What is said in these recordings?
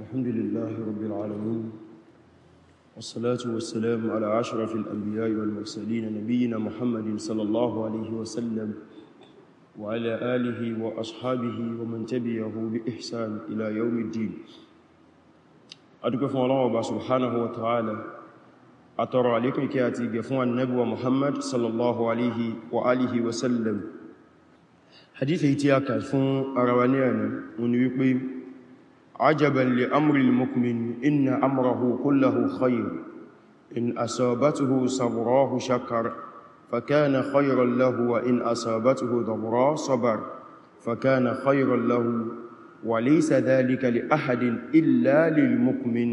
الحمد لله رب العالمين والصلاة والسلام على أشرف الأنبياء والمرسلين نبينا محمد صلى الله عليه وسلم وعلى آله وأصحابه ومن تبعه بإحسان إلى يوم الدين أدوك فون الله سبحانه وتعالى أترى لكم كاتي بفون النبوة محمد صلى الله عليه وآله وسلم حديث هيتياك فون أروانيانا ونويقين عجبا لأمر المؤمن إن أمره كله خير إن أصابته سراه شكر فكان خيرا له وإن أصابته ضراء صبر فكان خيرا له وليس ذلك لأحد إلا للمؤمن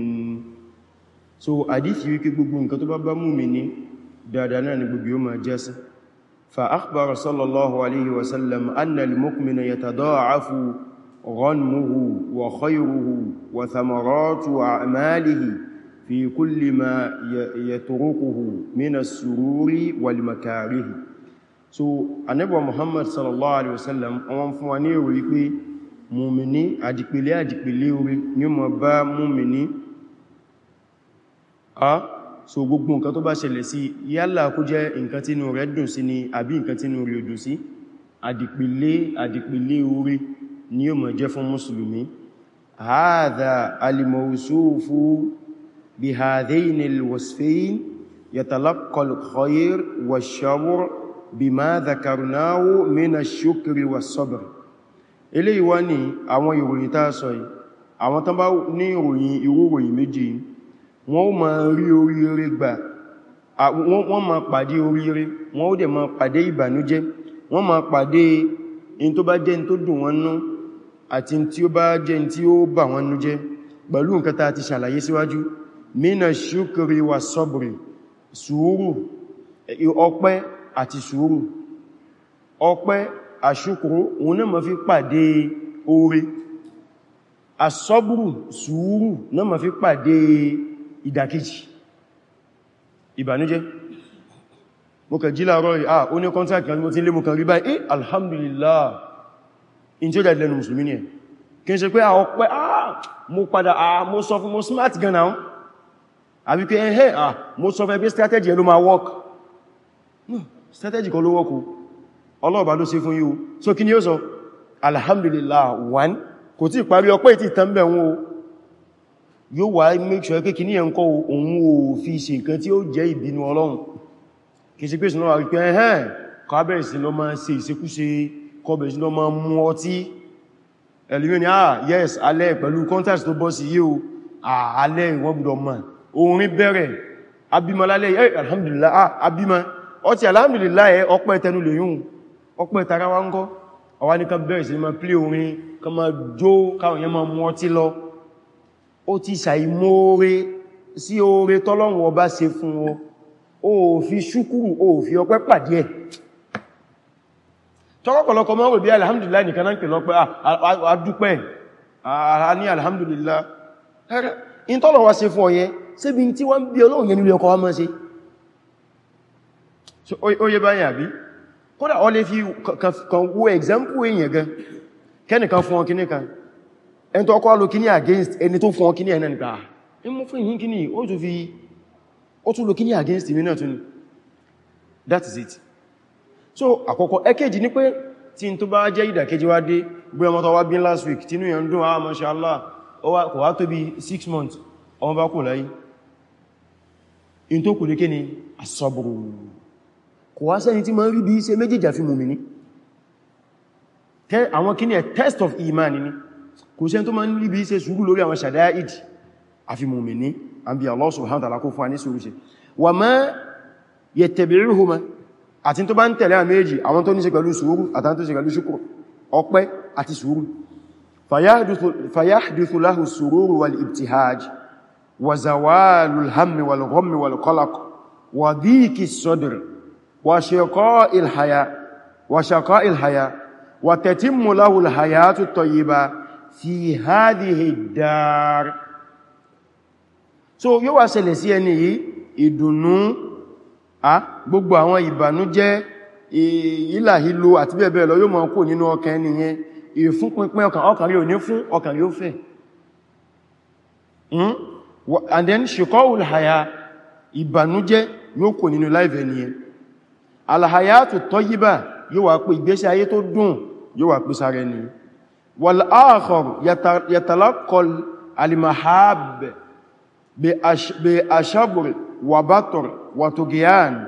so hadith yi ke gbogbo nǹkan tó bá bá mùmínì dáadáa náà ni gbogbo yóò máa jẹ́sí fa akhbara sallallahu alaihi wasallam anna al-mu'mina yatada'afu غنمه وخيره وثمرات أعماله في كل ما يتركه من السرور والمكاره so anabiwa muhammad sallallahu alaihi wasallam wọ́n fún wa ní orí pé mùmìní àdìpìlẹ̀ àdìpìlẹ̀ orí ní mọ̀ bá a so gbogbo nǹkan tó bá ṣẹlẹ̀ sí yálà kó jẹ́ nǹkan tínú rẹ̀ dùn sí ni àbí nǹkan tínú rẹ̀ dùn sí àdìpìlẹ̀ àdìpìlẹ̀ orí ni yóò máa jẹ́ fún mùsùlùmí hadha al-mawsufu bi hadhaini al-wasfayn yatalaqqa al-khayr wash-sharr bima dhakarnahu min ash-shukri was-sabr eléyìí wá ní àwọn ìròyìn tá a sọ yìí àwọn tán bá ní ìròyìn irú ìròyìn méjì wọ́n ó máa rí oríire gbà wọ́n máa pàdé oríire wọ́n ó dẹ̀ máa pàdé ìbànújẹ́ wọ́n in tó bá jẹ́ in tó dùn wọn nú àti tí ó bá jẹ́ tí ó bà wọn nú jẹ́ pẹ̀lú nǹkan tá ti ṣàlàyé síwájú mina ṣúkiri wa sọ́bùrì sùúrù ọpẹ́ àti sùúrù ọpẹ́ àṣúkúrú òun náà ma fi pàdé oore àsọ́bùrù sùúrù náà ma fi pàdé ìdàkejì ìbànújẹ́ mo kàn jí láàárọ̀ ah ó ní kọ́ntàkì kan mo ti lé eh, alhamdulillah in tí ó jáde lẹ́nu musulmi ní ẹ̀ kí n ṣe ah, ah mo padà ah mo sọ fún mo smart gan náà àbí pé ẹ̀hẹ́ eh, eh, ah mo sọ fún ẹgbẹ́ strategy ẹ ló work no hmm, strategy kan ló work o ọlọ́ọ̀bá ló ṣe fún yíò so kí ni ó alhamdulillah one kò tí parí ọpẹ́ ìtì tẹ́m̀bẹ̀ wọn o yóò wá make sure pé kí ní ẹ̀ǹkọ́ òun o fi ṣe nǹkan tí ó jẹ́ ìbínú ọlọ́run kì í ṣe pé ṣùgbọ́n wà rí pé ẹ̀hẹ́ kọ́ abẹ́rẹ̀ sí lọ máa ṣe ìṣekúṣe kọbẹ̀ sí lọ máa mú ọtí ẹ̀lúmí ni ah yes alẹ́ pẹ̀lú context tó bọ́ sí yí o ah, alẹ́ ìwọ́n gbọ́dọ̀ ma orin bẹ̀rẹ̀ abima lálẹ́ yẹ́ eh, alhamdulillah ah, abima ọtí alhamdulillah ẹ eh, ọpẹ́ tẹnu lè yún ọpẹ́ tara wá ń kọ́ ọwá ní ká bẹ̀rẹ̀ sí ma play orin ká ma jó káwọn yẹn ma mú ọtí lọ ó ti ṣàìmóore sí oore tọ́lọ́run ọba ṣe fún ọ ó fi ṣúkúrù ó fi ọpẹ́ pàdé ẹ̀ tọ́kọ̀lọ́kọ̀ mọ́ wò bí alhamdulillah nìkan náà pè lọ́pẹ́ àdúpẹ́ ah, a ní alhamdulillah in tọ́lọ̀ wá ṣe fún ọyẹ ṣe bí tí wọ́n bí Ọlọ́run nílé ọkọ̀ oye báyìí àbí kódà ọ lè fi kan example èèyàn gan kẹ́nìkan fún ọkíní kan ẹni tó kọ́ against ẹni tó fún ọkíní ẹ̀nà nígbà ní ah, mú fún against mi náà that is it so àkọ́kọ́ èkejì ní pé tí n tó bá jẹ́ ìdàkejì wá dé bóyá mọ́ta wá bín last week tínú yẹn dùn ah mashallah kò wá tó bí 6 months ọmọ bá kò láyé in tó kò lé kéni asọ́bùrù kò wá sẹ́ni tí ma ń rí bí iṣẹ́ méjèèjì àfi mùmí ní àwọn kíní ẹ̀ test of iman ni kò sẹ́ni tó ma ń rí bí iṣẹ́ sùúrù lórí àwọn ṣàdáyà ìdì àfi mùmí ní àbí Allah subhanahu wa ta'ala kó fún wa ní sùúrù ṣe wa ma yattabi'uhuma àti tó bá ń tẹ̀lé àméjì àwọn tó ní ṣe pẹ̀lú sùúrù àtàwọn tó ṣe pẹ̀lú ṣùkúrù ọpẹ́ àti sùúrù fayahdithu lahu sururu wal ibtihaj wa zawalul hammi wal ghammi wal qalaq wa dhiki sadr so yóò wá ṣẹlẹ̀ ìdùnnú a ah, gbogbo àwọn ìbànújẹ́ ìlàhílò àti bẹ́ẹ̀bẹ́ẹ̀ lọ yóò máa kó nínú ọkàn ẹni yẹn ìfún pínpín ọkàn ọkàn rí ò ní fún ọkàn rí ó fẹ́ and then ṣekọ́ul haya ìbànújẹ́ yóò kó nínú láìfẹ́ ni yẹn alhayatu tayyiba yóò wà pé ìgbésí ayé tó dùn yóò wà pé sáré ni wal akhar yatalaqqal al mahab bi وطغيان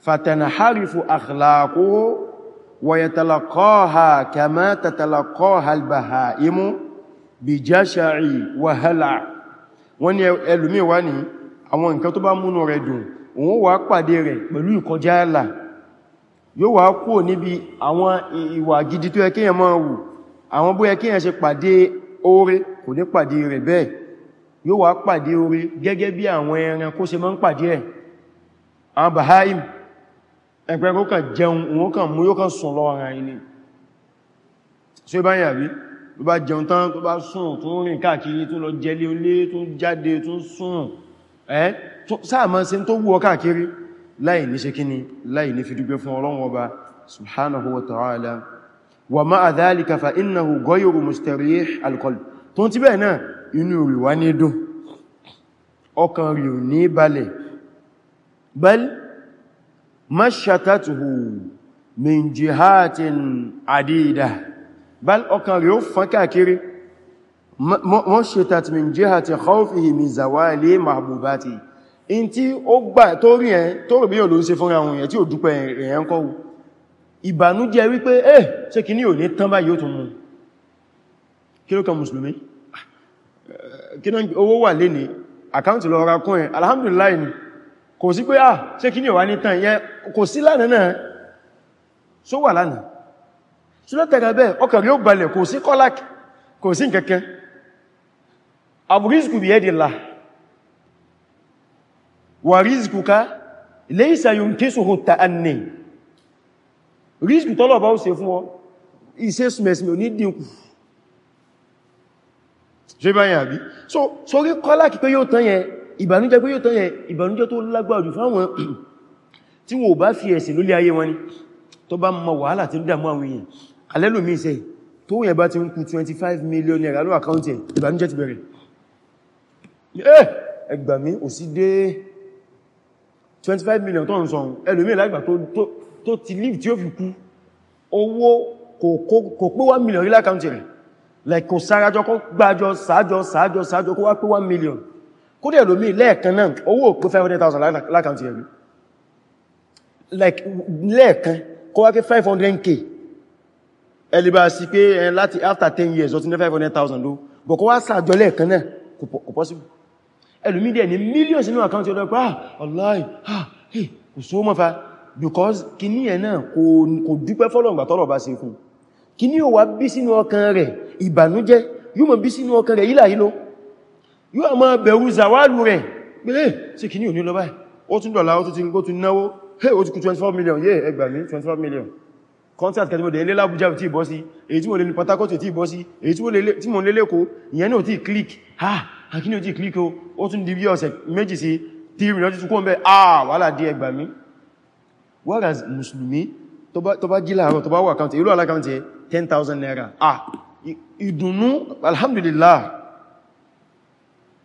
فتنحرف أخلاقه ويتلقاها كما تتلقاها البهائم بجشع وهلع وني ní واني wá ní àwọn nǹkan tó bá múnú rẹ̀ dùn òun wà pàdé rẹ̀ pẹ̀lú ìkọjá àlà yóò wá kúrò níbi àwọn ìwà gidi tó ẹkẹ́yàn máa wù àwọn bó ẹkẹ́yàn ṣe pàdé oore kò ní pàdé rẹ̀ bẹ́ẹ̀ yóò wá pàdé oore gẹ́gẹ́ bí àwọn ẹran kó àwọn baha'im ẹgbẹ̀rẹ̀ kó kàn jẹun òun kàn mú yóò kàn sùn lọ ara ẹni tí ó bá yà rí ló bá jẹun tán tó bá sùn tó rìn káàkiri tó lọ jẹlé olé tó jáde tó sùn ẹ́ sáàmà ṣe tó wù ọ láì ní ṣe kíni láì ní fi dúpẹ́ fún Ọlọ́run Ọba بل مشتته من جهات عديدة بل أكان رفا كاكري مشتت من جهة خوفه من زوال محبوباته in tí ó gbà tó rí ẹ̀ tó rò bí yóò ló ń ṣe fúnra ohun ẹ̀ tí ó dúpẹ́ ẹ̀yẹ ń kọ́wù ìbànújẹ́ wípé eh ṣe kì ní ò ní tán báyìí ó tún mú kí ló kan mùsùlùmí ah, eh, kí náà owó wà lé ní àkáǹtì lọ ra kún ẹ̀ alhamdulillah ni kò sí pé ah ṣe kí ní ọ̀wá ní tàn yẹ kò sí lánàá náà só wà lánàá tí ó tẹ̀rẹ bẹ́ẹ̀ ọkàn yóò balẹ̀ kò sí kọ́lák kò sí kẹ́kẹ́ àbúrísìkù bí ẹ́dìlá wà rísìkù ká ilé ìsàyùn kí sòhò ta annì rísìkù tọ́lọ̀ bá ó ṣe fún ọ iṣẹ́ sùmẹ̀sùmẹ̀ ò ní dínkù ṣe báyìí àbí so sórí kọ́lák pé yóò tán yẹn ìbànújẹ́ pé yóò tán yẹ ìbànújẹ́ tó lágbàájú fáwọn tí wọ́n bá fi ẹ̀sìn lólé ayé wọn ni tó bá mọ wàhálà tí ó dàmú àwọn èèyàn alẹ́lòmí iṣẹ́ tó yẹn bá ti ń kú 25 million naira ló àkáùntì ìbànújẹ́ ti bẹ̀rẹ̀ eh! ẹ gbà mí ó sì dé 25 million tó ń sọun ẹlòmí lágbà tó ti live tí ó fi kú owó kò pé 1 million rí lákàùntì rẹ̀ like kò sárájọ́ kó gbájọ́ sáájọ́ sáájọ́ sáájọ́ kó wá pé 1 million kódẹ̀ ẹlòmí lẹ́ẹ̀kan náà owó òpó 500,000 lákàntí ẹ̀rí lẹ́ẹ̀kan kó wá kí 500k ẹlìbà sí pé ẹ láti after 10 years ó ti ní 500,000 ló bọ̀ kó wá sàjọ lẹ́ẹ̀kan náà kò possible ẹlòmí dẹ̀ ní millions inú àkántí ọlọ́pẹ́ ah ọláì ah hey kò só because kìní ẹ̀ náà kò dúpẹ́ fọ́lọ̀ǹgbà tọ́lọ̀ bá ṣe fún kìní ò wá bí sínú ọkàn rẹ̀ ìbànújẹ́ yóò mọ̀ bí sínú ọkàn yóò máa bẹ̀rù zawalu rẹ̀ pé ṣe kì ní òní lọ báyìí ó tún dọ̀lá ó tún ti ń kó tún náwó hey ó ti kú 24 million yé ẹgbà mí 24 million contract kẹtìmọ̀dẹ̀ ilé lábújá tí bọ́ sí èyí tí mo lè ní Port Harcourt tí bọ́ sí èyí tí mo lè lẹ́kọ́ ìyẹn náà tí click ha kí ní ó tí click o ó tún di bí ọ̀sẹ̀ méjì sí tí rìn lọ́jú tún kó ń bẹ́ ah wàhálà dí ẹgbà mí whereas musulmi tó bá jí láàárọ̀ tó bá wà account ìlú alákàntì 10,000 naira ah ìdùnnú alhamdulillah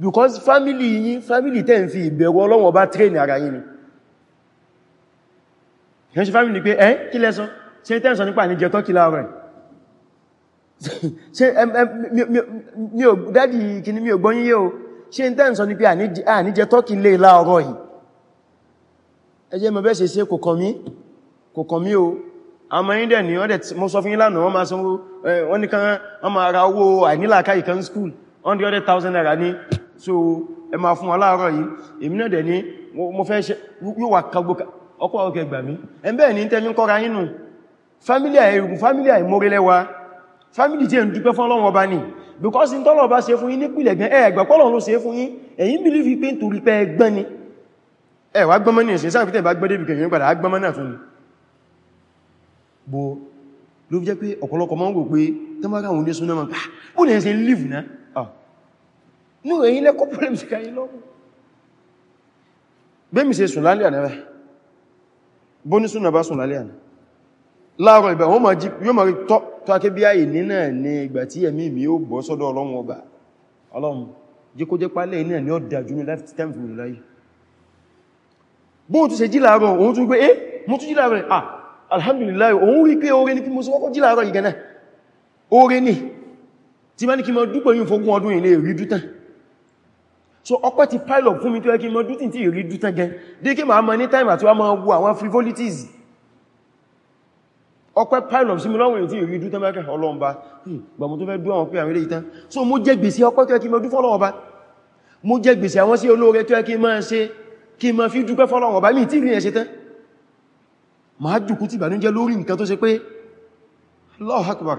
because family yín family ten ń fi ìbẹ̀rù Ọlọ́run Ọba train ara yín ni ṣe family pé eh? kí lẹ́sọ ṣe tẹ́ ń sọ nípa ní jẹ tọ́kí láàrọ̀ ẹ̀ ṣe dádì kìíní mi ò gbọ́ yín yé o ṣe tẹ́ ń sọ ní pé àní jẹ tọ́kí lè láàrọ̀ yìí ẹ jẹ́ mọ̀ bẹ́ẹ̀ ṣe ṣe kò kàn mí kò kàn mí o àmọ́ yín dẹ̀ mọ́ sọ fún lánàá wọ́n máa sanwó wọ́n ní kan wọ́n máa ra owó àìnílàkà ìkan school 100,000 naira so ẹ máa fún wọn láàárọ̀ yìí èmi náà dẹ̀ ní mo fẹ́ ṣe yóò wà kagbó ọpọ̀ ọkẹ̀ gbà mí ẹ̀bẹ́ ní tẹ́mí kọ́ra yínú family, àìrùn fámílì àìmórelẹ́wà fámílì tí ẹ̀ ń dúpẹ́ fún Ọlọ́run Ọba ni because in tọ́lọ̀ bá ṣe fún yín nípìlẹ̀ gan ẹ̀gbà pọ́lọ̀ ló ṣe fún yín ẹ̀yin believe pé ń torí pé ẹgbẹ́ ni ẹ̀wà gbọ́mọ́ ní ẹ̀ṣẹ́ sáàkútẹ̀ bá gbọ́dé bí kẹ̀yìn padà gbọ́mọ́ náà tún ni bó ló fi jẹ́ pé ọ̀pọ̀lọpọ̀ mọ́ ń wò pé tẹ́mọ́ra òun ah, live, na no ẹ̀yin lẹ́kọ́ problem sí kàyí lọ́wọ́ bẹ́mì ṣe sùn lálẹ́ àná rẹ̀ bó ní súnà bá sùn lálẹ́ àná láàrọ̀ ìbẹ̀ wọ́n máa jí yóò máa rí tọ́ akẹ́ bí ayè ní náà ní ìgbà tí ẹ̀mí mi ó bọ́ sọ́dọ̀ ọlọ́run ọba ọlọ́run jẹ́ kó jẹ́ pálẹ̀ náà ní ọ̀dà jù ní láti tẹ́m fi wùlọ láyé bó tún eh mo tún jí ah alhamdulillah òun rí pé oore ní kí mo sọ kọ́kọ́ jí láàrọ̀ yìí gẹ́nà oore ní tí má ọdún ilé rí dútàn so ọpẹ́ ti pile up fún mi tó yẹ kí mọ́ dútí tí ìrí dútẹ́ gẹn dí kí ma mọ́ ní time àti wá mọ́ wo àwọn frivolities ọpẹ́ pile up sí mi lọ́wọ́ tí ìrí dútẹ́ mẹ́kẹ́ ọlọ́ọ̀bá hmm, gbàmù tó fẹ́ dú àwọn pé àwọn ilé ìtàn so mo jẹ gbèsè ọpẹ́ tó yẹ kí mọ́ dú fọ́lọ́ọ̀bá mo jẹ gbèsè àwọn sí olóore tó yẹ kí mọ́ ṣe kí mọ́ fi dúpẹ́ fọ́lọ́ọ̀bá mi tí ìrí ẹ̀ ṣe tán máa jùkú ti ìbànújẹ́ lórí nǹkan tó ṣe pé Allahu Akbar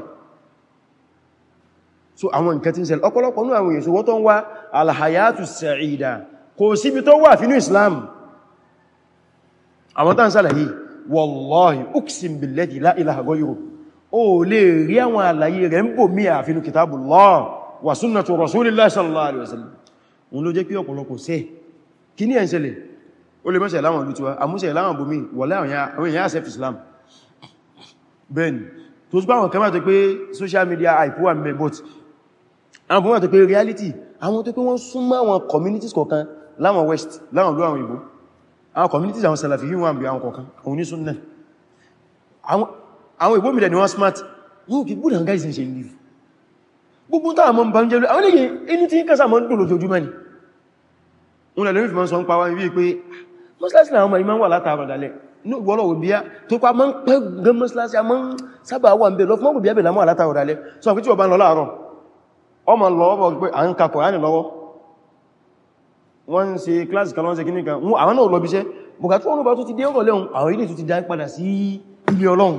so àwọn nǹkan tí ń ṣẹlẹ̀ ọ̀pọ̀lọpọ̀ ní àwọn èso wọ́n tó ń wá alhayatu sa'ida kò síbi tó wà fínú islam àwọn tán sálàyé wallahi uksim billadhi la ilaha ghayru o lè rí àwọn àlàyé rẹ̀ ń bò mí àfinú kitabullah wa sunnatu rasulillah sallallahu alaihi wasallam òun ló jẹ́ pé ọ̀pọ̀lọpọ̀ sẹ́ kí ní ẹ̀ ń ṣẹlẹ̀ ó lè mẹ́sẹ̀ láwọn olùtiwa àmúṣẹ̀ láwọn bòmí wà àwọn bọ́n tó pé reality àwọn tó pé wọ́n súnmọ́ àwọn communities kọ̀ọ̀kan láwọn west láwọn ló àwọn ìbò àwọn communities àwọn salafi yíò wọ́n bí àwọn kọ̀ọ̀kan òun ní súnnà àwọn ìbò mìíràn ni wọ́n smart wọ́n kì gbúdà ń gáìsìn ṣe ń lè gbogbo táà mọ́ bá ń jẹ́ àwọn lèyìn inú tí ń kásà mọ́ ń dùn lójoojúmọ́ ni wọ́n lẹ́lẹ́ fi mọ́ sọ ń pa wá wípé pé mọ́sílásí làwọn ọmọ ìmọ̀ wà látàrọ̀ dalẹ̀ ní ìwọ́lọ̀ òbíyá tó pa mọ́ ń pẹ́ gan mọ́sílásí a mọ́ ń sábà wà ń bẹ̀ lọ fún òbíyá bẹ̀ lámọ́ látàrọ̀ dalẹ̀ sọ pé tí wọ́n bá ń lọ ọmọ lọ́wọ́ pé à ń ka Kùránì lọ́wọ́ wọ́n ń ṣe kíláàsì kan lọ́wọ́ ṣe kíní kan àwọn náà lọ bíṣẹ́ bùkà tí wọ́n bá tó ti dé ọ̀rọ̀ lẹ́hun àwọn ilé tó ti dá padà sí ilé Ọlọ́run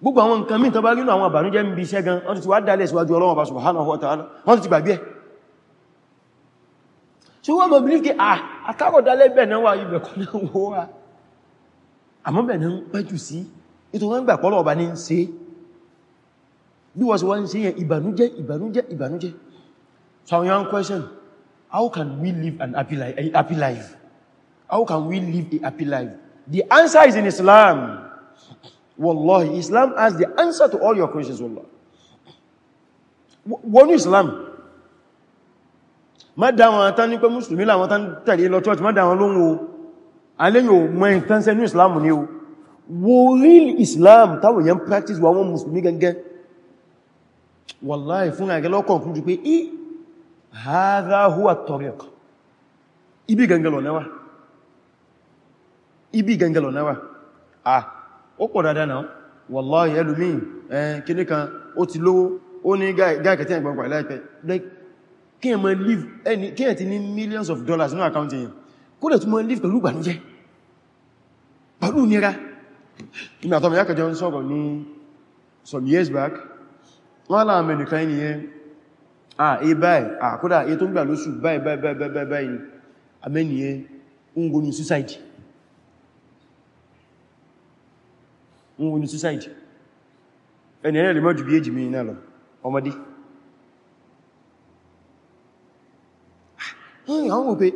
gbogbo àwọn nǹkan míì tó bá rínú àwọn àbànújẹ́ ń bí iṣẹ́ gan wọ́n ti wá dálẹ̀ síwájú Ọlọ́run bá subhanahu wa ta'ala wọ́n ti gbàgbé ṣe wọ́n mọ̀ believe ah, kí àtàkọ̀ dálẹ̀ bẹ̀ náà wà ibẹ̀ kan náà wọ́n wà àmọ́ bẹ̀ náà ń pẹ́jù sí nítorí wọ́n gbà pọ́lọ̀ ọba ní ń ṣe bí wọ́n sì wọ́n sí yẹn ìbànújẹ́ ìbànújẹ́ ìbànújẹ́ so àwọn yàn question how can we live an happy life, a happy life how can we live a happy life the answer is in Islam wallahi Islam has the answer to all your questions wallah wọ́n ní Islam má dá wọn tán ní pé mùsùlùmí làwọn tán tẹ̀lé lọ church má dá wọn lóhun o aléyìn ò mọ́ ìtànsẹ́ ní Islam ni o wo real Islam táwọn yẹn practice wọn mùsùlùmí gẹ́gẹ́ wallahi fún àgẹ́ lọ́kọ̀ kúrú pé í hadha huwa at ibi gangalọ̀ náwà ibi gangalọ̀ náwà à ó pọ̀ dáadáa náà wallahi ẹlùmí kíní kan ó ti lówó ó ní gáàkẹtí ẹgbẹ̀gbẹ̀ láìpẹ́ millions of dollars nira some years back wọ́n láwọn mẹ́nìká ní yẹn ah e báyìí ah kódà tó ń gbà lóṣù báyìí báyìí báyìí báyìí amẹ́niyẹ ń go ní suicide ń go ní suicide ẹni ẹ̀rẹ́ lè mọ́ jù bí èjì mi lọ ọmọdé àwọn ah, òpé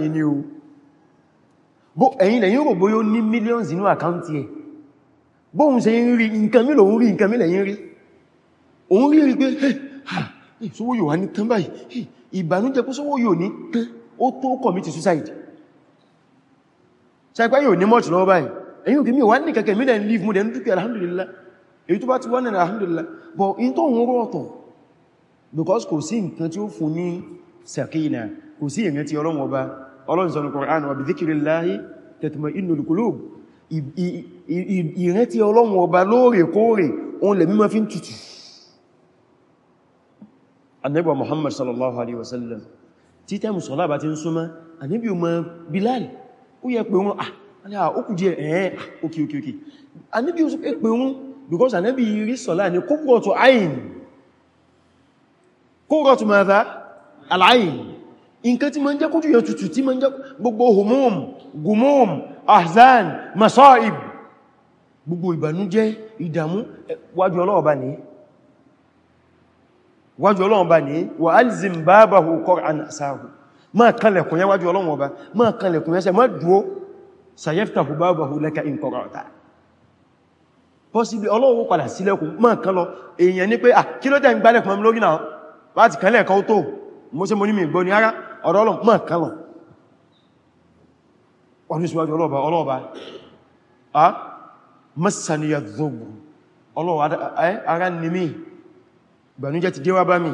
ní ni o ẹ̀yin lẹ́yìn bóhun ṣe ń rí nǹkan mílò ń rí nǹkan mílẹ̀ yìí rí òun rí rí pé ṣówó yóò wá ní tán báyìí ìbànújẹ́ pé ṣówó yóò ní tán ó tó kọ̀mítì suicide ṣàìpá yóò ní mọ́ọ̀tì lọ́wọ́ báyìí ẹ̀yìn kìí wá ní kẹ̀kẹ́ mílẹ̀ ń leave múdẹ̀ ń dúkẹ́ alhamdulillah èyí tó bá ti wá ní alhamdulillah but in tó ń rọ́ ọ̀tọ̀ because kò sí nǹkan tí ó fún ní sàkínà kò sí ìrántí ọlọ́run ọba ọlọ́run ìrántí ọlọ́run ọba lóòrèkóòrè òun lè mímọ́ fi ń tutù Ànábì Muhammad sallallahu alaihi wasallam tí tẹ́mù sọ́lá bá ti ń súnmọ́ Ànábì ọmọ Bilal ó yẹ pé wọn ah, àà ó kù díẹ̀ ẹ̀ẹ́ òkè òkè òkè Ànábì ó pé wọn because Ànábì rí sọ́lá ní kókòrọ̀tù ayin kókòrọ̀tù mẹ́ta aláyìn nǹkan tí ma ń jẹ́ kójú yẹn tutù tí ma ń jẹ́ gbogbo homom gumom ahzan masaib gbogbo ìbànújẹ́ ìdàmú wájú Ọlọ́run bá ní wájú Ọlọ́run bá ní wà alzim bábáhù qur'an asáhù ma kanlẹ̀kùn yẹn wájú Ọlọ́run bá ma kanlẹ̀kùn yẹn sẹ ma dúó sayẹ́fẹ́tàhù bábáhù laka in qara'ta possibly Ọlọ́run padà sílẹ̀kùn ma kan lọ èèyàn ní pé à kí ló tẹ́ ń gbálẹ̀kùn mọ́ lórí náà láti kanlẹ̀kan tó mo se mo ọdún síwájú ọlọ́ọ̀bá ọlọ́ọ̀bá a ah, masaniya zogbò ọlọ́wà ara ní mí gbanújẹ́ ti déwá bá mi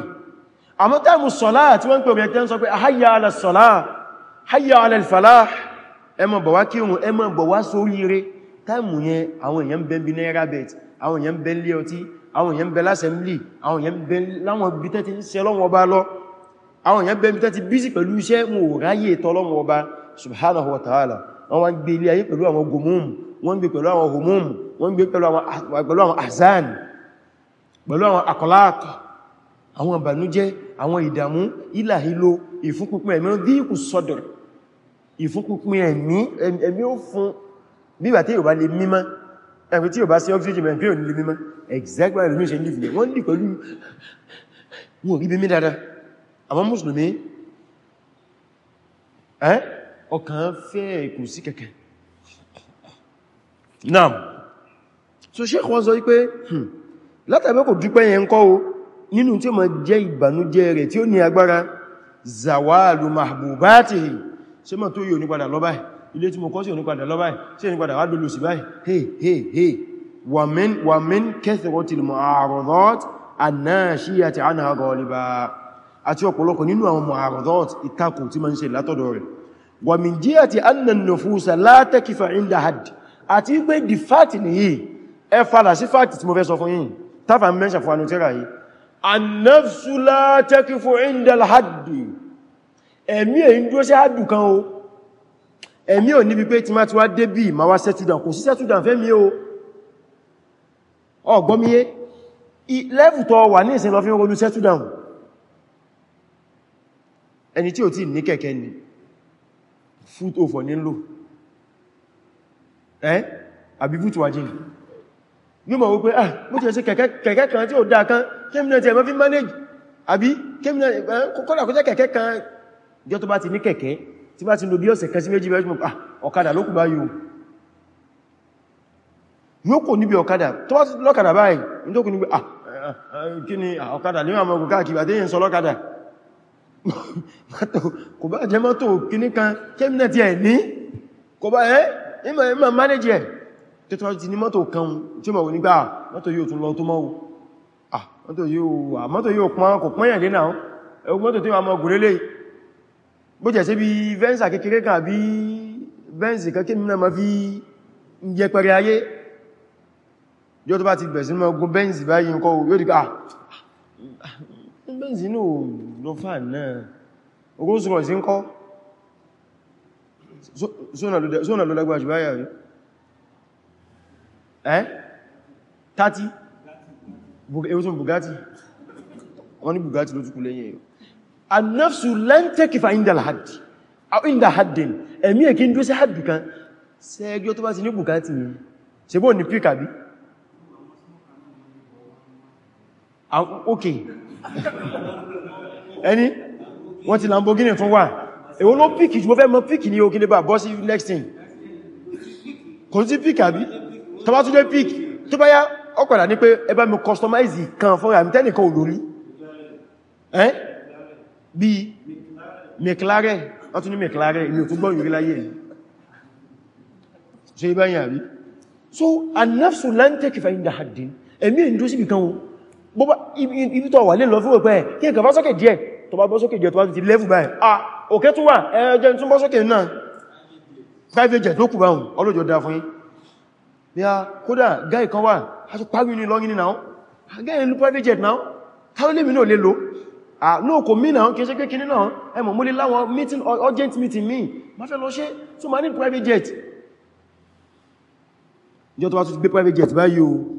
a mọ́ táìmù sọ́lá tí wọ́n pè mẹ́kẹ́ sọ pé hayya ala sọ́lá hayya ala falah ẹ máa bọ̀ wá kírun ẹ máa bọ̀ wá sóríire táìmù yẹn àwọn èèyàn bẹ́ bí náírà bẹ̀t àwọn èèyàn bẹ́ lé ọtí àwọn èèyàn bẹ́ lásẹ̀mílì àwọn èèyàn bẹ́ láwọn bí tẹ́ ti ń ṣe lọ́wọ́ ọba lọ àwọn èèyàn bẹ́ bí tẹ́ ti bísì pẹ̀lú iṣẹ́ wọn ò ráyè tọ́lọ́wọ́ ọba subhanahu wa ta'ala wọ́n wá ń gbé ilé ayé pẹ̀lú àwọn gomum wọ́n gbé pẹ̀lú àwọn homum wọ́n gbé ah, pẹ̀lú àwọn ahzan pẹ̀lú àwọn akọláàkì àwọn ìbànújẹ́ àwọn ìdàmú ìlàhílò ìfúnkúnpín ẹ̀mí díkù sọ́dọ̀ ìfúnkúnpín ẹ̀mí ẹ̀mí ó fún bíbà tí yóò bá lè mímọ́ ẹ̀mí tí yóò bá sí oxygen ẹ̀mí ò lè mímọ́ exactly ẹ̀mí ṣe ní ìfìyẹ̀ wọ́n dì pẹ̀lú ọkàn fẹ́ kò sí kẹ̀kẹ́ naam so sheikh wọ́n sọ wípé hmm, látàbí kò dúpẹ́ yẹn kọ́ o nínú tí ó ma jẹ́ ìbànújẹ́ rẹ̀ tí ó ní agbára zawalu mahbubatihi ṣe mọ̀ tó yíò ní padà lọ báyìí ilé tí mo kọ́ sí ò ní padà lọ báyìí sí ò ní padà wá dúró sí báyìí hey hey hey wamin wamin kathratil mu'aradat annashiyati anha ghaliba àti ọ̀pọ̀lọpọ̀ nínú àwọn mu'aradat ìtakò tí ma ń ṣe wa min jihati anna an-nufusa la takifa inda hadd àti pé the fact nìyí ẹ fara sí fact tí mo fẹ́ sọ fún yín tá fà mention fún anutera yìí an-nafsu la takifu inda al-hadd ẹ̀mí ẹ ńdúró ṣe haddu kan o ẹ̀mí ò ní bí pé tí ma ti wá dé bí ma wá settle down kò sí settle down fẹ́ mi o o gbọ́ mi yé level tó wà ní ìsìn ló fi ronú settle down ẹni tí ó ti ní kẹ̀kẹ́ ni foot over nílò ẹ́ àbí foot wajin yíò mọ̀ wípé ah mú ti ẹ̀sẹ̀ kẹ̀kẹ́ kan tí ó dáa kan kẹ́mìnà ti ẹ̀mọ́ fi manage àbí kẹ́mìnà kọ́lá kọjá kẹ̀kẹ́ kan jọ tó bá ti ní kẹ̀kẹ́ tí bá ti lò bí ọ̀sẹ̀ kan sí méjì bẹ́ẹ̀ ah ọ̀kadà ló kù bá yóò yóò kò níbi ọ̀kadà tó bá ti lọ́kadà báyìí ní tó kù níbi ah eh, eh, kí ni ah, ọ̀kadà lè kò bá jẹ mọ́tò kìní kan kẹ́mìnà tí ẹ̀ ní kò bá ẹ́ ìmọ̀ ìmọ̀ mánéjì ẹ̀ tó tó ti ní mọ́tò kan tí mọ̀ nígbà ah, mọ́tò yóò tún lọ tó mọ́wó ah, ah, mọ́tò yóò pọ́n kò pọ́n yẹ̀lé náà ẹgbẹ́ mọ́tò tí wà mọ́ gùnlélé bó jẹ́ sí bí vẹ́nsà kékeré kan bí vẹ́nsì kan kẹ́mìnà ma fi yẹ pẹ̀rẹ̀ ayé yóò tó bá ti bẹ̀ sí mọ́ gun vẹ́nsì báyìí nǹkan yóò dìkà Benzino, bẹ́ẹ̀sìnú lọ́fà náà Rolls Royce ń kọ́ sónà ló lágbàjù báyà rí Eh? 30 ewúsùn Bugatti wọ́n ní Bugatti ló túnkù lẹ́yìn ẹ̀yọ́ annafsu lẹ́ntẹ́kìfà indalhadi indahadin ẹ̀mí èkí ń dó sí haddu kan sẹ́gbẹ́ tó bá ti ní Bugatti yìí ṣe bóò ní pí kàbí okay ẹni wọ́n ti Lamborghini tún wà èwo ló píkì jù mọ́ fẹ́ mọ́ píkì ní òkèlè bá bọ́ sí next thing kò sí píkì àbí tó bá tún dé píkì tó bá yá ọkọ̀dà ní pé ẹ bá mi customize kan fún àmì tẹ́nìkan olórí ẹ́ bí McLaren wọ́n tún ní McLaren ìmì òtún gbọ́n yìí láyé ṣe ibáyìn àbí so an-nafsu lan takifa inda haddin ẹ̀mí ìdúsí bìkan wọn ibi tó wà lè lọ fún òpẹ́ kí n kà bá sókè díẹ̀ tó bá bọ́ sókè díẹ̀ tó bá ti lẹ́fù báyìí ah òkè tún wà ẹjẹ́ tún bọ́ sókè náà private jet ló kù báhùn ọlọ́jọ́ dá fún yín bí a kódà gáì kan wà a ti parí ní lọ́rin náà ah, gáì lú private jet náà táwọn lè mi náà lè lo náà kò mí náà kìí ṣe pé kìí náà ẹmọ̀ mú lè láwọn meeting urgent meeting mi ma fẹ́ lọ ṣe tó ma private jet ìjọ tó bá tún gbé private jet báyìí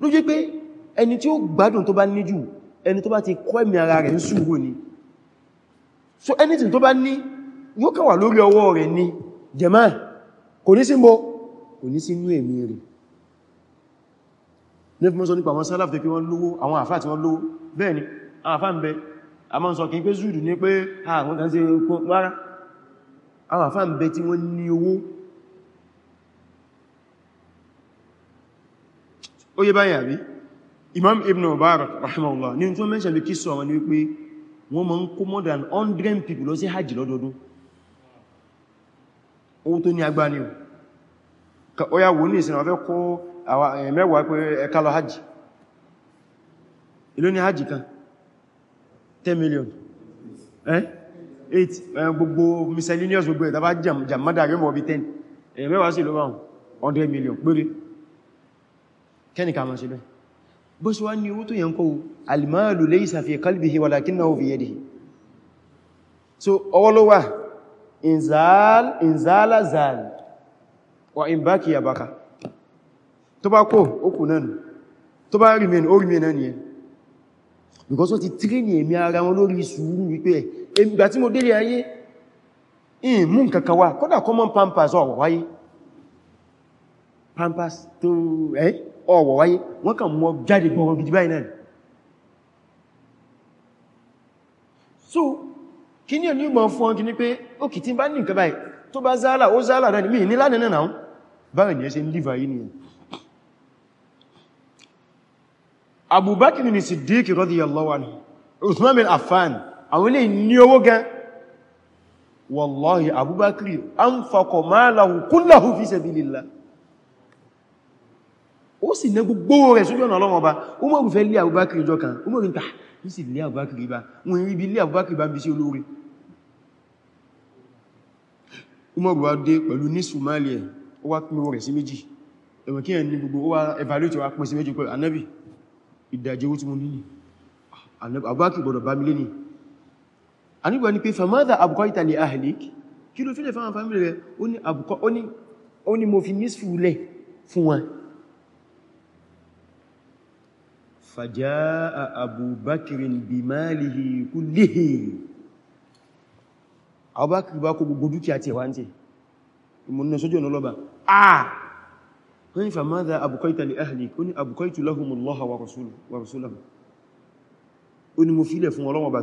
ló jẹ́ pé ẹni tí ó gbádùn tó bá ní jù ẹni tó bá ti kọ́ ẹ̀mí ara rẹ̀ ń sùúrù ni so anything tó bá ní yóò kàn wà lórí ọwọ́ rẹ̀ ni jẹ́mà kò ní sí mọ́ kò ní sí inú ẹ̀mí rẹ̀ nífẹ́ mọ́ sọ nípa àwọn sálàf tí wọ́n lówó àwọn àfáà tí wọ́n lówó bẹ́ẹ̀ ni àwọn àfáà ń bẹ a máa ń sọ kí pé zùdù ah, ní pé àwọn kan sí owó ó yé báyìí àbí Imam Ibn obara rahimahullah ní tí wọ́n mẹ́ṣẹ̀ bí kí sọ wọn ni wípé wọ́n ma ń kó more than 100 people lọ sí hajj lọ́dọọdún owó tó ní agbá ní ó yá wò ní ìsinmi wọ́n fẹ́ kó eh, mẹ́wàá pé ẹka lọ hajji ìlú ní hajji kan 10 million eh 8 eh, gbogbo miscellaneous gbogbo ìtàbá yóò mọ̀ bí 10 eh, mẹ́wàá sí 100 million péré kẹ́nìká ma ṣe bẹ́ bó ṣe wá ní owó tó yẹn kó alìmáàlù laysa fi qalbihi walakinahu fi yadihi so ọwọ́ ló wà ìzàlá zàl wà in báki yabaka tó bá kó okù náà tó bá rìmẹ̀n ó rìmẹ̀ náà nìyẹn because wọ́n ti tírínì èmì ara wọn lórí sùúrù wípé ìgbà tí mo eh? ọwọ̀ wáyé wọ́n kàn mọ́ jáde gbọ́rọ̀ gidi báyìí náà so kí ní ẹni mọ̀ fún ọkì ní pé ó kì tí bá ní nǹkan báyìí tó bá zálà ó zálà náà mí ní lánàá náà báyìí ni ń lífà yìí nìyàn Abubakar ni Siddiq radiyallahu anhu Uthman bin Affan àwọn ilé ní owó gan wallahi Abubakar anfaqa malahu kullahu fi sabilillah ó sì ná gbogbo rẹ̀ sójú ọ̀nà ọlọ́wọ́ ọba Umaru fẹ́ lé Abubakar ìjọ kan Umaru ta ní sì lé Abubakar ìbá wọn rí bí lé Abubakar ìbá bí sí olóore Umaru wá dé pẹ̀lú ní Somalia ó wá pín rẹ̀ sí méjì ẹ̀wọ̀n kí ẹni gbogbo ó wá evaluate wá pín sí méjì pẹ̀lú anábì ìdajì owó tí mo níní Abubakar fún wọn فجاء أبو بكر بماله كله Abu Bakr bá kó gbogbo dúkìá tí wá ń tí ìmúnà sójú ọ̀nà lọ́ba àà wọ́n fa madha abqaita li ahlik ó ní abqaitu lahumullaha wa rasulahu ó ní mo fílẹ̀ fún ọlọ́wọ́ bá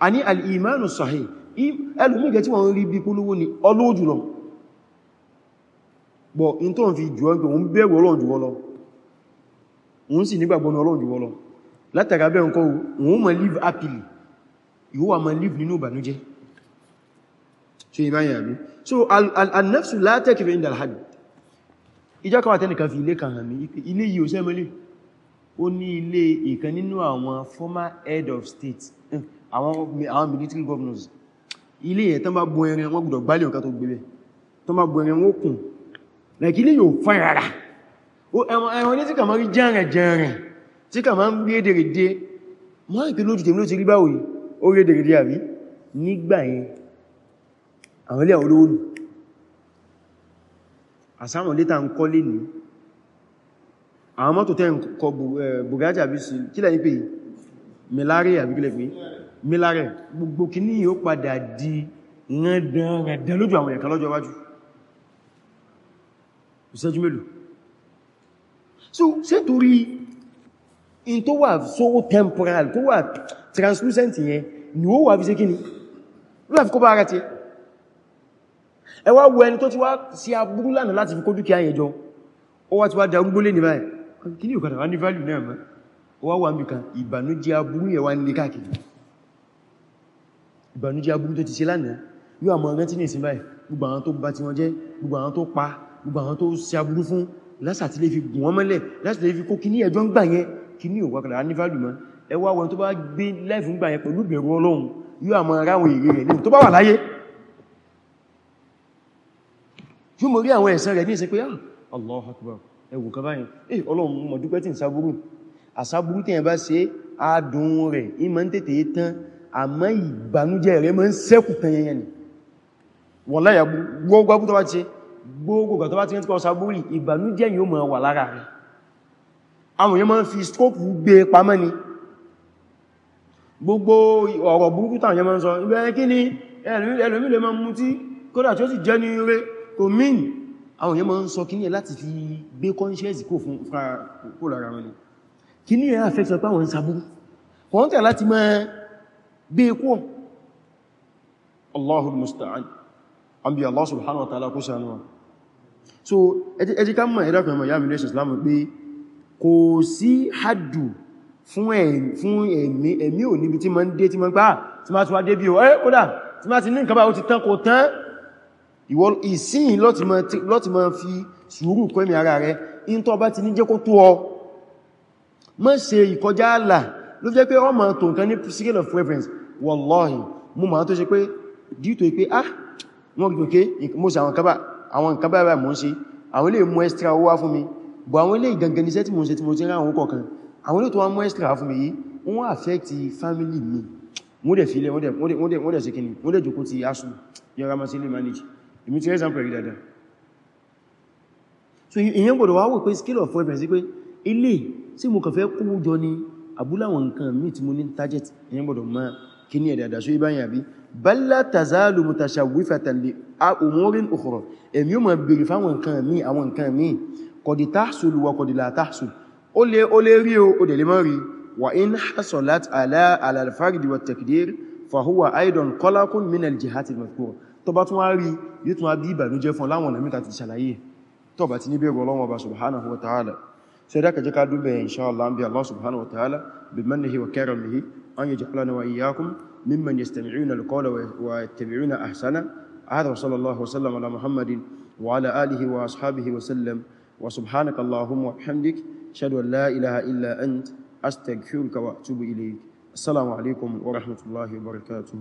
a ní al'imánu sahih ẹlùmígẹ tí wọ́n rí bí polówó ni olówó jùlọ bọ̀ in tó ń fi jù ọgbẹ̀ òun bẹ̀rù ọlọ́run jù wọ́lọ́ òun sì nígbàgbọ́ ọlọ́run jù wọ́lọ́ látàrí abẹ́ ǹkan òun ma live happily ìwọ so al-nafsu la takfi inda al-hadd ìjọ́kọwà tẹ́nìkan fi ilé kan hàn mí ilé yìí ò sẹ́mọ́lé ó ní ilé ìkan nínú àwọn former head of state àwọn military governors ilé ẹ̀ tán bá bọ ẹrin wọn gbọ́dọ̀ gbálẹ̀ ọ̀ká tó gbẹ̀rẹ̀ tán bá bọ ẹrin wọn kùn lẹ́kí ilé yóò fán rárá ẹ̀wọ̀n ní tí kà máa rí jẹ́rẹ̀ jẹ́rẹ̀ tí kà máa ń rí èdèrèdè máa ń pè lójú tèmi ló ti rí báwòyí ó rí èdèrèdè àrí nígbà yẹn àwọn ilé àwọn olówó àsáwọn létà ń kọ́ lé ní àwọn mọ́tò tẹ́ ń kọ bùgájà bí sí kílẹ̀ ní pé milari àbíkílẹ̀ pé mílárẹ̀ gbogbo kìíní yóò padà di rẹ̀dẹ̀rẹ̀dẹ̀ lójú àwọn ẹ̀kan lọ́jọ́ wájú ìṣẹ́jú mélòó so ṣe torí in tó wà so temporal tó wà translucent yẹn ni ó wà fi ṣe kíni ló wà fi kó bá ara ti ẹ wá wo ẹni tó ti wá sí aburú lánàá láti fi kó dúkìá yẹn jọ ó wá ti wá darúgbó lé ní báyìí kí ní òkàdà wá ní value náà mọ́ ó wá wà ń kan ìbànújẹ́ aburú yẹn wá ń lé ìbànújẹ́ aburú tó ti ṣe lánàá yóò àmọ́ rántí ní ìsìn báyìí gbogbo àwọn tó bà ti wọn jẹ́ gbogbo àwọn tó pa gbogbo àwọn tó ṣe aburú fún lásàtí lè fi gùn wọn mọ́lẹ̀ láti lè fi kó kíní ẹjọ́ ń gbà yẹn kíní ò wákàlà ní value mọ́ ẹwà wọn tó bá gbé láìfún gbà yẹn pẹ̀lú ìbẹ̀rù Ọlọ́run yóò àmọ́ ara àwọn èrè rẹ̀ nínú tó bá wà láyé yóò mọ̀ rí àwọn ẹ̀san rẹ̀ ní ìsìn pé ah, Akbar ẹwù kan báyìí eh Ọlọ́run mọ̀ dúpẹ́ tí ń sáburú àsáburú tí yẹn bá ṣe adùn rẹ̀ ìmọ̀ ń tètè tán àmọ́ ìbànújẹ́ rẹ̀ mọ́ ń sẹ́kù tẹnyẹnyẹn ni wọ́n láyà gbogbo tó bá ti gbogbo tó bá ti rẹ́tíkọ́ sàbúrì ìbànújẹ́ yóò mọ̀ wà lára rẹ̀ àwọn yóò máa ń fi stroke gbé e pamọ́ ni gbogbo ọ̀rọ̀ burúkú táwọn yóò máa ni ẹlòmí lè máa mutí kódà tí ó sì jẹ́ ní ire kò mín àwọn yóò máa ń sọ kíní ni kíní ẹ̀ affect pé àwọn ń sàbúrù kọ́ntẹ̀ láti bí ikú Allahul musta'an an bí Allah subhanahu wa ta'ala kó sanuwa so ẹjí ká mọ̀ ìdákan mọ̀ yàmì lẹ́ṣin islamu pé kò sí haddu fún ẹ̀mí ò níbi tí ma ń dé tí ma ń gbá ah, tí ma ti wá dé bí o ẹ́ eh, kódà tí ma ti ní nǹkan bá o ti tán kò tán ìwọ ìsìn lọ́ti ma fi sùúrù kọ́ ẹ̀mí ara rẹ̀ in tó bá ti ní jẹ́ kó tó ọ mọ́ ṣe ìkọjá àlà ló jẹ́ pé ọmọ tó nǹkan ní scale of wallahi mú ma tó ṣe pé dìtò pé ah wọ́n gbogbo ké mo sì àwọn kábà àwọn kábà rà mọ́ sí àwọn ilé mú extra owó wá fún mi bọ̀ àwọn ilé ìgangan tí mo ṣe tí mú family mi mo dẹ̀ file mo dẹ̀ ṣe kìnnì mo dẹ̀ jókòó ti asu yọra ma sí ilé manage èmi ti rẹ́sàn pẹ̀lú so ìyẹn gbọ́dọ̀ wá wò pé of reference pé ilé tí mo kàn fẹ́ kó jọ àbúláwọn nǹkan míì tí mo ní target ìyẹn gbọ́dọ̀ máa kí ni ẹ̀dàdà só ibáyìn àbí balla tazalu mutashawwifatan li a umurin ukhra èmi yóò ma bèèrè fáwọn nǹkan mi àwọn nǹkan mi kọ̀dì tahsul wa kọ̀dì la tahsul ó lè ó lè rí o ó dẹ̀ lè mọ́ rí wa in hasolat ala alalfaridi wa takdir fahuwa aidan qalaqun min aljihati al-madhkura tó bá tún سيدك جكا دوبه ان شاء الله ان الله سبحانه وتعالى بمنه وكرمه ان يجعلنا واياكم ممن يستمعون القول ويتبعون احسنه هذا صلى الله وسلم على محمد وعلى اله واصحابه وسلم وسبحانك اللهم وبحمدك اشهد ان لا اله الا انت استغفرك واتوب اليك السلام عليكم ورحمه الله وبركاته